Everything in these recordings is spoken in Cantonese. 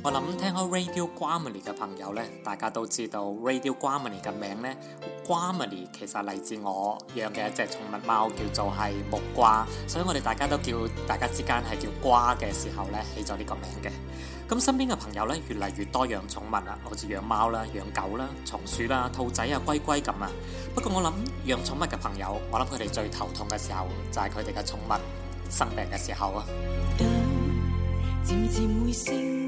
我諗聽開 Radio Grammy 嘅朋友呢，大家都知道 Radio Grammy 嘅名呢，Grammy 其實嚟自我養嘅一隻寵物貓叫做係木瓜，所以我哋大家都叫大家之間係叫瓜嘅時候呢起咗呢個名嘅。咁身邊嘅朋友呢，越嚟越多養寵物啦，好似養貓啦、養狗啦、松鼠啦、兔仔啊、龜龜咁啊。不過我諗養寵物嘅朋友，我諗佢哋最頭痛嘅時候就係佢哋嘅寵物生病嘅時候啊。Uh, 知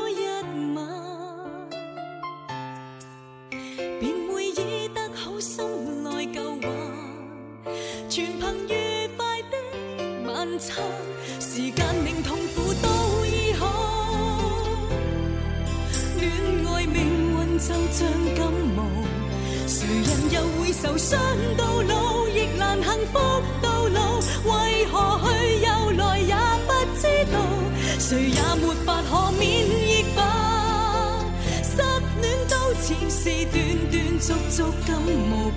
事斷斷續續感冒，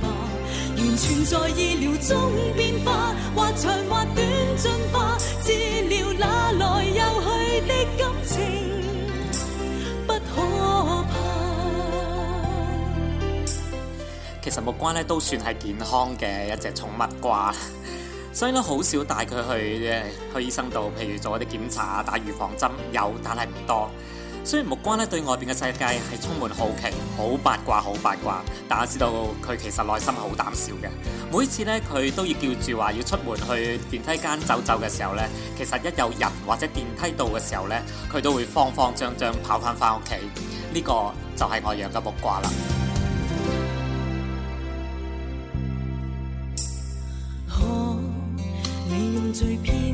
其實木瓜咧都算係健康嘅一隻寵物瓜。 所以咧好少帶佢去嘅去醫生度，譬如做一啲檢查、打預防針，有但係唔多。雖然木瓜咧，對外邊嘅世界係充滿好奇，好八卦，好八卦，但我知道佢其實內心係好膽小嘅。每次咧佢都要叫住話要出門去電梯間走走嘅時候咧，其實一有人或者電梯度嘅時候咧，佢都會慌慌張張跑翻翻屋企。呢個就係我養嘅木瓜啦。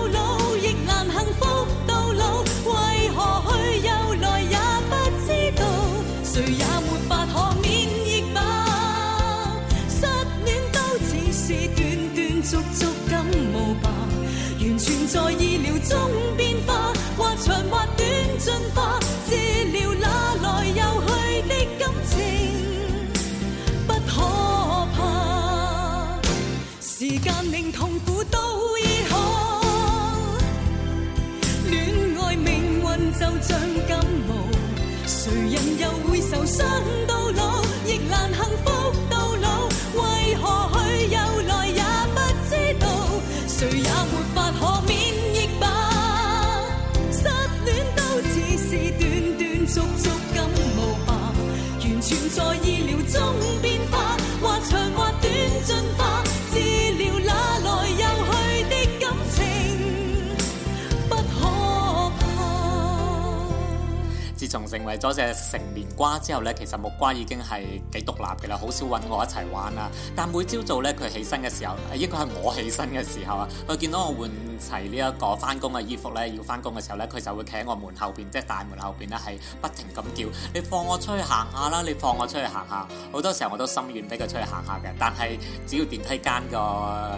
自從成為咗隻成年瓜之後咧，其實木瓜已經係幾獨立嘅啦，好少揾我一齊玩啦。但每朝早咧，佢起身嘅時候，應該係我起身嘅時候啊，佢見到我換齊呢一個翻工嘅衣服咧，要翻工嘅時候咧，佢就會企喺我門後邊，即係大門後邊咧，係不停咁叫：你放我出去行下啦！你放我出去行下！好多時候我都心軟，俾佢出去行下嘅。但係只要電梯間個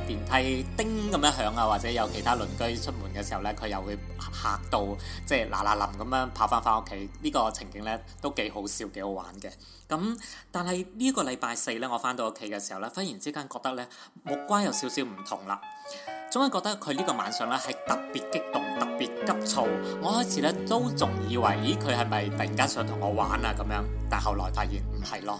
電梯叮咁樣響啊，或者有其他鄰居出門嘅時候咧，佢又會嚇到，即係嗱嗱冧咁樣跑翻翻屋企。呢個情景咧都幾好笑，幾好玩嘅。咁但係呢個禮拜四咧，我翻到屋企嘅時候咧，忽然之間覺得咧木瓜有少少唔同啦，總係覺得佢呢個晚。上咧係特別激動，特別急躁。我開始咧都仲以為，咦，佢係咪突然間想同我玩啊咁樣？但後來發現唔係咯。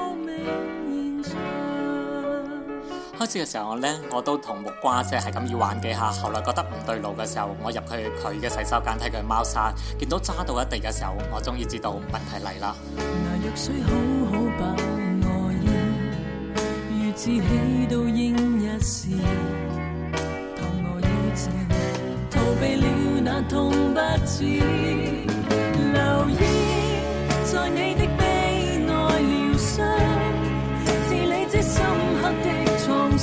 開始嘅時候我呢，我咧我都同木瓜即係咁要玩幾下，後來覺得唔對路嘅時候，我入去佢嘅洗手間睇佢貓砂，見到揸到一地嘅時候，我終於知道問題嚟啦。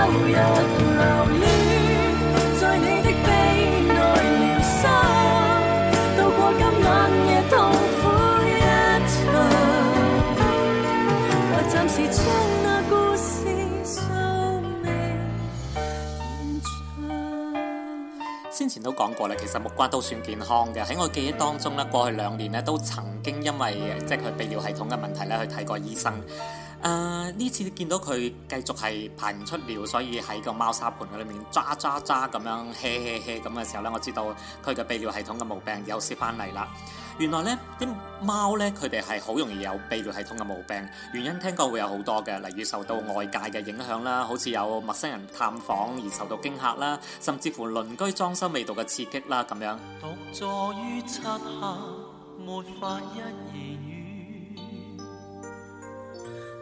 先前都講過啦，其實木瓜都算健康嘅。喺我記憶當中咧，過去兩年咧都曾經因為即係佢泌尿系統嘅問題咧去睇過醫生。啊、呃！呢次你見到佢繼續係排唔出尿，所以喺個貓砂盆嘅裏面抓抓抓咁樣，嘿嘿嘿咁嘅時候呢，我知道佢嘅泌尿系統嘅毛病又試翻嚟啦。原來呢啲貓呢，佢哋係好容易有泌尿系統嘅毛病，原因聽講會有好多嘅，例如受到外界嘅影響啦，好似有陌生人探訪而受到驚嚇啦，甚至乎鄰居裝修味道嘅刺激啦咁樣。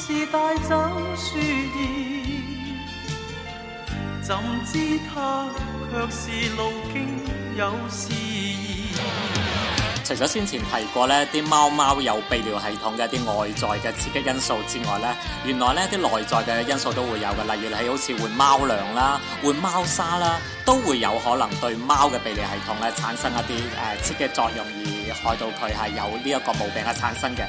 是帶走知他卻是路徑有事除咗先前提過呢啲貓貓有泌尿系統嘅一啲外在嘅刺激因素之外呢，原來呢啲內在嘅因素都會有嘅，例如係好似換貓糧啦、換貓砂啦，都會有可能對貓嘅泌尿系統咧產生一啲誒刺激作用，而害到佢係有呢一個毛病嘅產生嘅。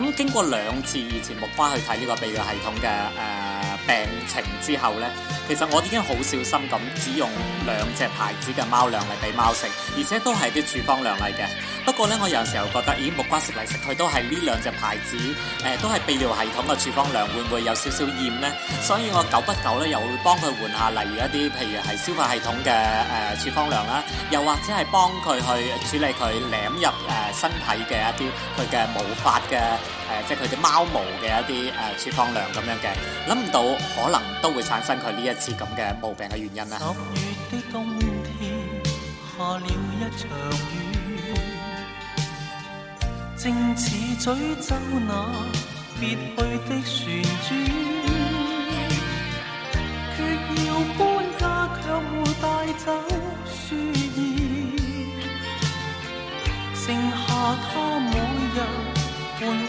咁經過兩次以前木瓜去睇呢個泌尿系統嘅誒、呃病情之後呢，其實我已經好小心咁，只用兩隻牌子嘅貓糧嚟俾貓食，而且都係啲處方糧嚟嘅。不過呢，我有時候覺得，咦、哎，木瓜食嚟食去都係呢兩隻牌子，呃、都係泌尿系統嘅處方糧，會唔會有少少厭呢？所以我久不久呢，又會幫佢換下，例如一啲譬如係消化系統嘅誒、呃、處方糧啦，又或者係幫佢去處理佢舐入誒身體嘅一啲佢嘅毛髮嘅。誒，即係佢啲貓毛嘅一啲誒儲放量咁樣嘅，諗唔到可能都會產生佢呢一次咁嘅毛病嘅原因啦。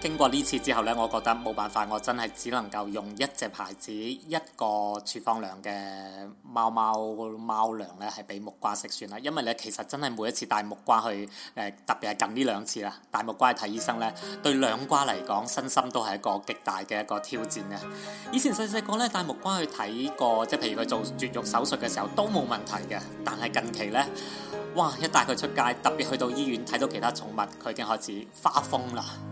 經過呢次之後呢，我覺得冇辦法，我真係只能夠用一隻牌子一個處方糧嘅貓貓貓糧呢，係俾木瓜食算啦。因為呢，其實真係每一次帶木瓜去誒，特別係近呢兩次啦，帶木瓜去睇醫生呢，對兩瓜嚟講身心都係一個極大嘅一個挑戰嘅。以前細細個呢，帶木瓜去睇過，即係譬如佢做絕育手術嘅時候都冇問題嘅，但係近期呢，哇！一帶佢出街，特別去到醫院睇到其他寵物，佢已經開始花瘋啦。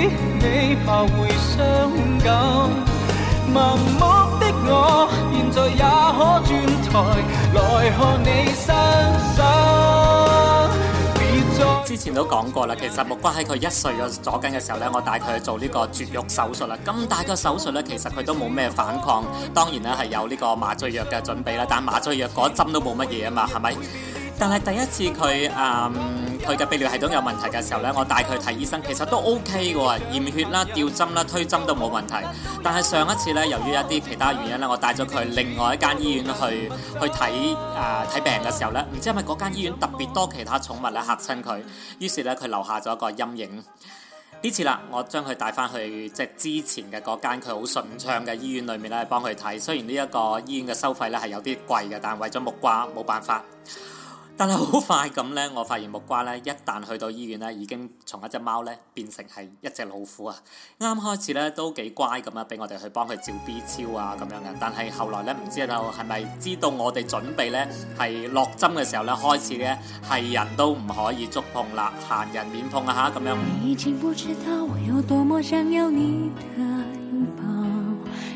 你怕會傷感盲目的我，現在也可轉台來看你身上，之前都講過啦。其實木瓜喺佢一歲左近嘅時候呢，我帶佢去做呢個絕育手術啦。咁大嘅手術呢，其實佢都冇咩反抗，當然咧，係有呢個麻醉藥嘅準備啦。但係打麻醉藥嗰針都冇乜嘢啊嘛，係咪？但係第一次佢，嗯、呃，佢嘅泌尿系統有問題嘅時候呢，我帶佢去睇醫生，其實都 OK 嘅喎，驗血啦、吊針啦、推針都冇問題。但係上一次呢，由於一啲其他原因呢，我帶咗佢另外一間醫院去去睇，誒、呃、睇病嘅時候呢唔知係咪嗰間醫院特別多其他寵物咧，嚇親佢，於是呢，佢留下咗一個陰影。呢次啦，我將佢帶翻去即係、就是、之前嘅嗰間佢好順暢嘅醫院裏面咧幫佢睇。雖然呢一個醫院嘅收費呢係有啲貴嘅，但係為咗木瓜冇辦法。但係好快咁呢，我發現木瓜呢，一旦去到醫院呢，已經從一隻貓呢變成係一隻老虎啊！啱開始呢，都幾乖咁啊，俾我哋去幫佢照 B 超啊，咁樣嘅，但係後來呢，唔知道係咪知道我哋準備呢係落針嘅時候呢，開始呢係人都唔可以觸碰啦，閒人免碰啊吓咁樣。你已經不知道我有多麼想要你的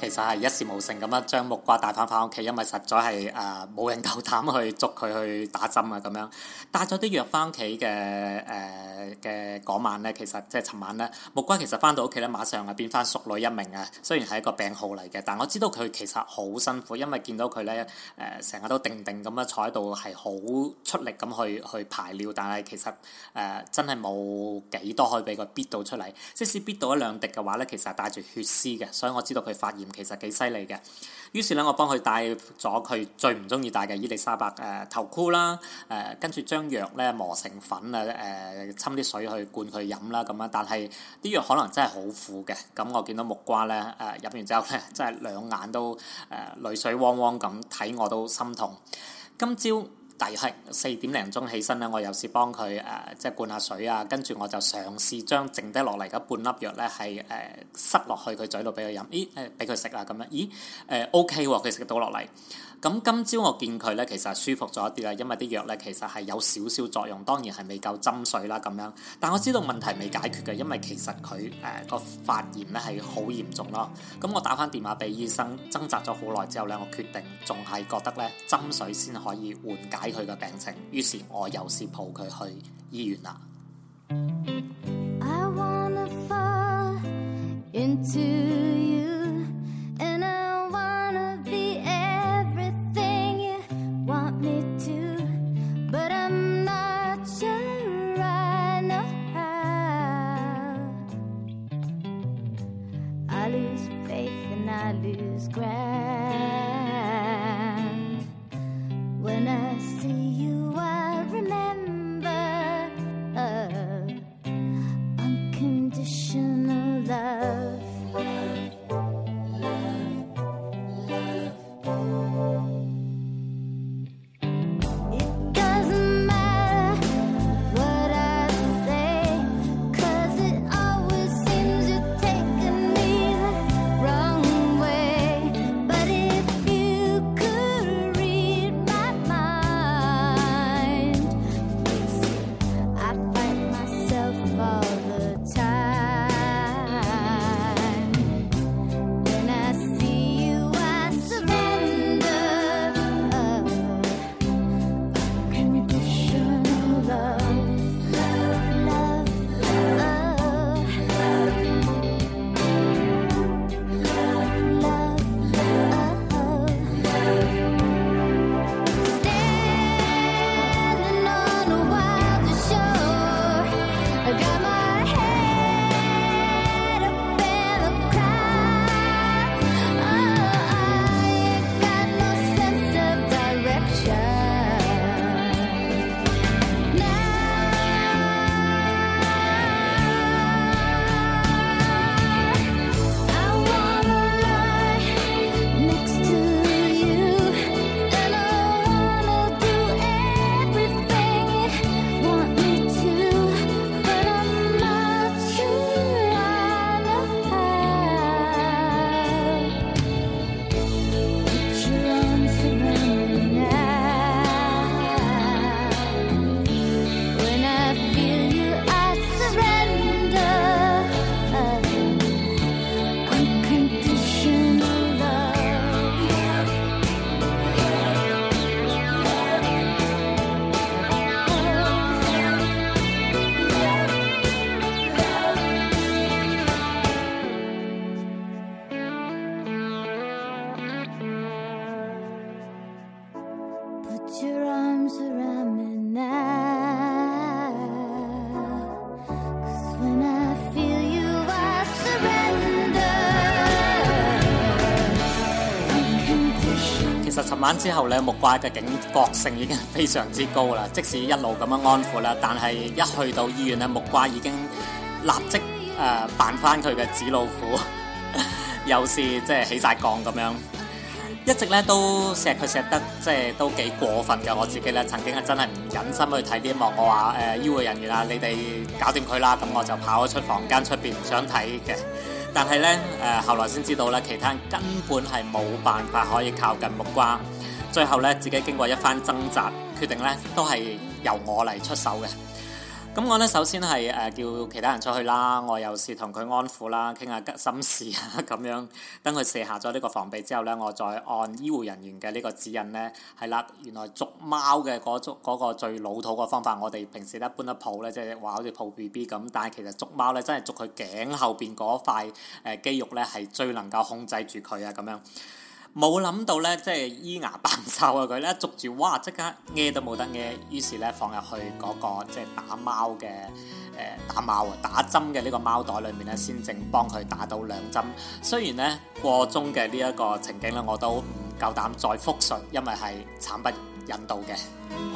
其實係一事無成咁樣將木瓜帶翻翻屋企，因為實在係誒冇人夠膽去捉佢去打針啊，咁樣帶咗啲藥翻屋企嘅誒嘅嗰晚咧，其實即係尋晚咧，木瓜其實翻到屋企咧，馬上啊變翻淑女一名啊！雖然係一個病號嚟嘅，但我知道佢其實好辛苦，因為見到佢咧誒成日都定定咁樣坐喺度，係好出力咁去去排尿，但係其實誒、呃、真係冇幾多可以俾佢逼到出嚟。即使逼到一兩滴嘅話咧，其實係帶住血絲嘅，所以我知道佢發現。其實幾犀利嘅，於是咧我幫佢戴咗佢最唔中意戴嘅伊麗莎白誒頭箍啦，誒跟住將藥咧磨成粉啊誒，斟、呃、啲水去灌佢飲啦咁啊，但係啲藥可能真係好苦嘅，咁我見到木瓜咧誒飲完之後咧，真係兩眼都誒淚、呃、水汪汪咁，睇我都心痛。今朝。第係四點零鐘起身咧，我有時幫佢誒、呃、即係灌下水啊，跟住我就嘗試將剩低落嚟嘅半粒藥咧係誒塞落去佢嘴度俾佢飲，咦誒俾佢食啊。咁、呃、樣，咦誒、呃、OK 喎，佢食到落嚟。咁今朝我見佢咧，其實係舒服咗一啲啦，因為啲藥咧其實係有少少作用，當然係未夠針水啦咁樣。但我知道問題未解決嘅，因為其實佢誒個發炎咧係好嚴重咯。咁我打返電話俾醫生，掙扎咗好耐之後咧，我決定仲係覺得咧針水先可以緩解佢嘅病情，於是我又係抱佢去醫院啦。晚之後咧，木瓜嘅警覺性已經非常之高啦。即使一路咁樣安撫啦，但係一去到醫院咧，木瓜已經立即誒、呃、扮翻佢嘅紙老虎， 有時即係起晒槓咁樣。一直咧都錫佢錫得，即係都幾過分嘅。我自己咧曾經係真係唔忍心去睇呢一幕，我話誒、呃、醫護人員啊，你哋搞掂佢啦，咁我就跑咗出房間出邊唔想睇嘅。但係咧誒，後來先知道咧，其他人根本係冇辦法可以靠近木瓜。最後咧，自己經過一番掙扎，決定咧都係由我嚟出手嘅。咁我咧首先係誒叫其他人出去啦，我又是同佢安撫啦，傾下心事啊咁樣。等佢卸下咗呢個防備之後咧，我再按醫護人員嘅呢個指引咧，係啦，原來捉貓嘅嗰種個最老土嘅方法，我哋平時咧一般都抱咧，即係話好似抱 B B 咁，但係其實捉貓咧真係捉佢頸後邊嗰塊誒肌肉咧係最能夠控制住佢啊咁樣。冇諗到咧，即係咿牙扮哨啊！佢咧捉住，哇！即刻野都冇得野，於是咧放入去嗰，那個即係打貓嘅、誒、呃、打貓啊打針嘅呢個貓袋裏面咧，先正幫佢打到兩針。雖然咧過中嘅呢一個情景咧，我都唔夠膽再複述，因為係慘不忍睹嘅。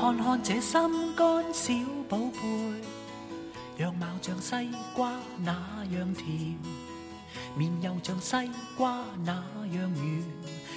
看看這心肝小寶貝，樣貌像西瓜那樣甜，面又像西瓜那樣圓。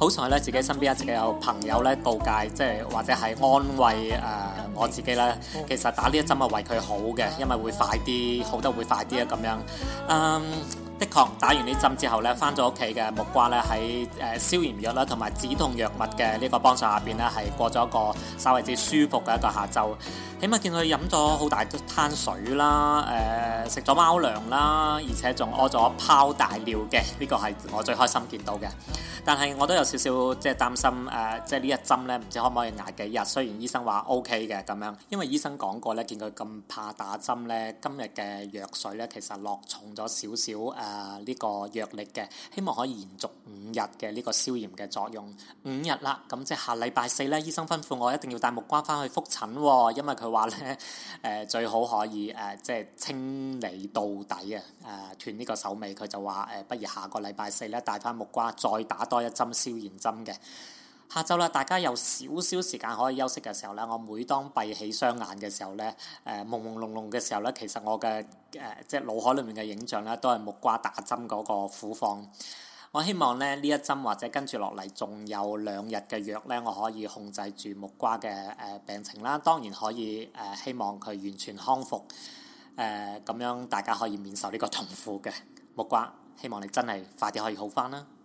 好彩咧，自己身邊一直有朋友咧，告誡，即係或者係安慰誒、呃，我自己啦。其實打呢一針啊，為佢好嘅，因為會快啲，好得會快啲啊，咁樣，嗯、um。的確，打完呢針之後咧，翻咗屋企嘅木瓜咧，喺誒消炎藥啦同埋止痛藥物嘅呢個幫助下邊咧，係過咗一個稍為之舒服嘅一個下晝。起碼見佢飲咗好大一灘水啦，誒食咗貓糧啦，而且仲屙咗泡大尿嘅，呢、這個係我最開心見到嘅。但係我都有少少即係擔心誒，即係呢一針咧，唔知可唔可以挨幾日？雖然醫生話 OK 嘅咁樣，因為醫生講過咧，見佢咁怕打針咧，今日嘅藥水咧其實落重咗少少誒呢、呃這個藥力嘅，希望可以延續五日嘅呢個消炎嘅作用。五日啦，咁即係下禮拜四咧，醫生吩咐我一定要帶木瓜返去覆診喎，因為佢。話咧誒最好可以誒、呃、即係清理到底啊！誒、呃、斷呢個手尾，佢就話誒、呃、不如下個禮拜四咧帶翻木瓜再打多一針消炎針嘅。下晝啦，大家有少少時間可以休息嘅時候咧，我每當閉起雙眼嘅時候咧，誒朦朦朧朧嘅時候咧，其實我嘅誒、呃、即係腦海裡面嘅影像咧，都係木瓜打針嗰個苦況。我希望咧呢這一針或者跟住落嚟仲有兩日嘅藥咧，我可以控制住木瓜嘅誒、呃、病情啦。當然可以誒、呃，希望佢完全康復誒，咁、呃、樣大家可以免受呢個痛苦嘅木瓜。希望你真係快啲可以好返啦～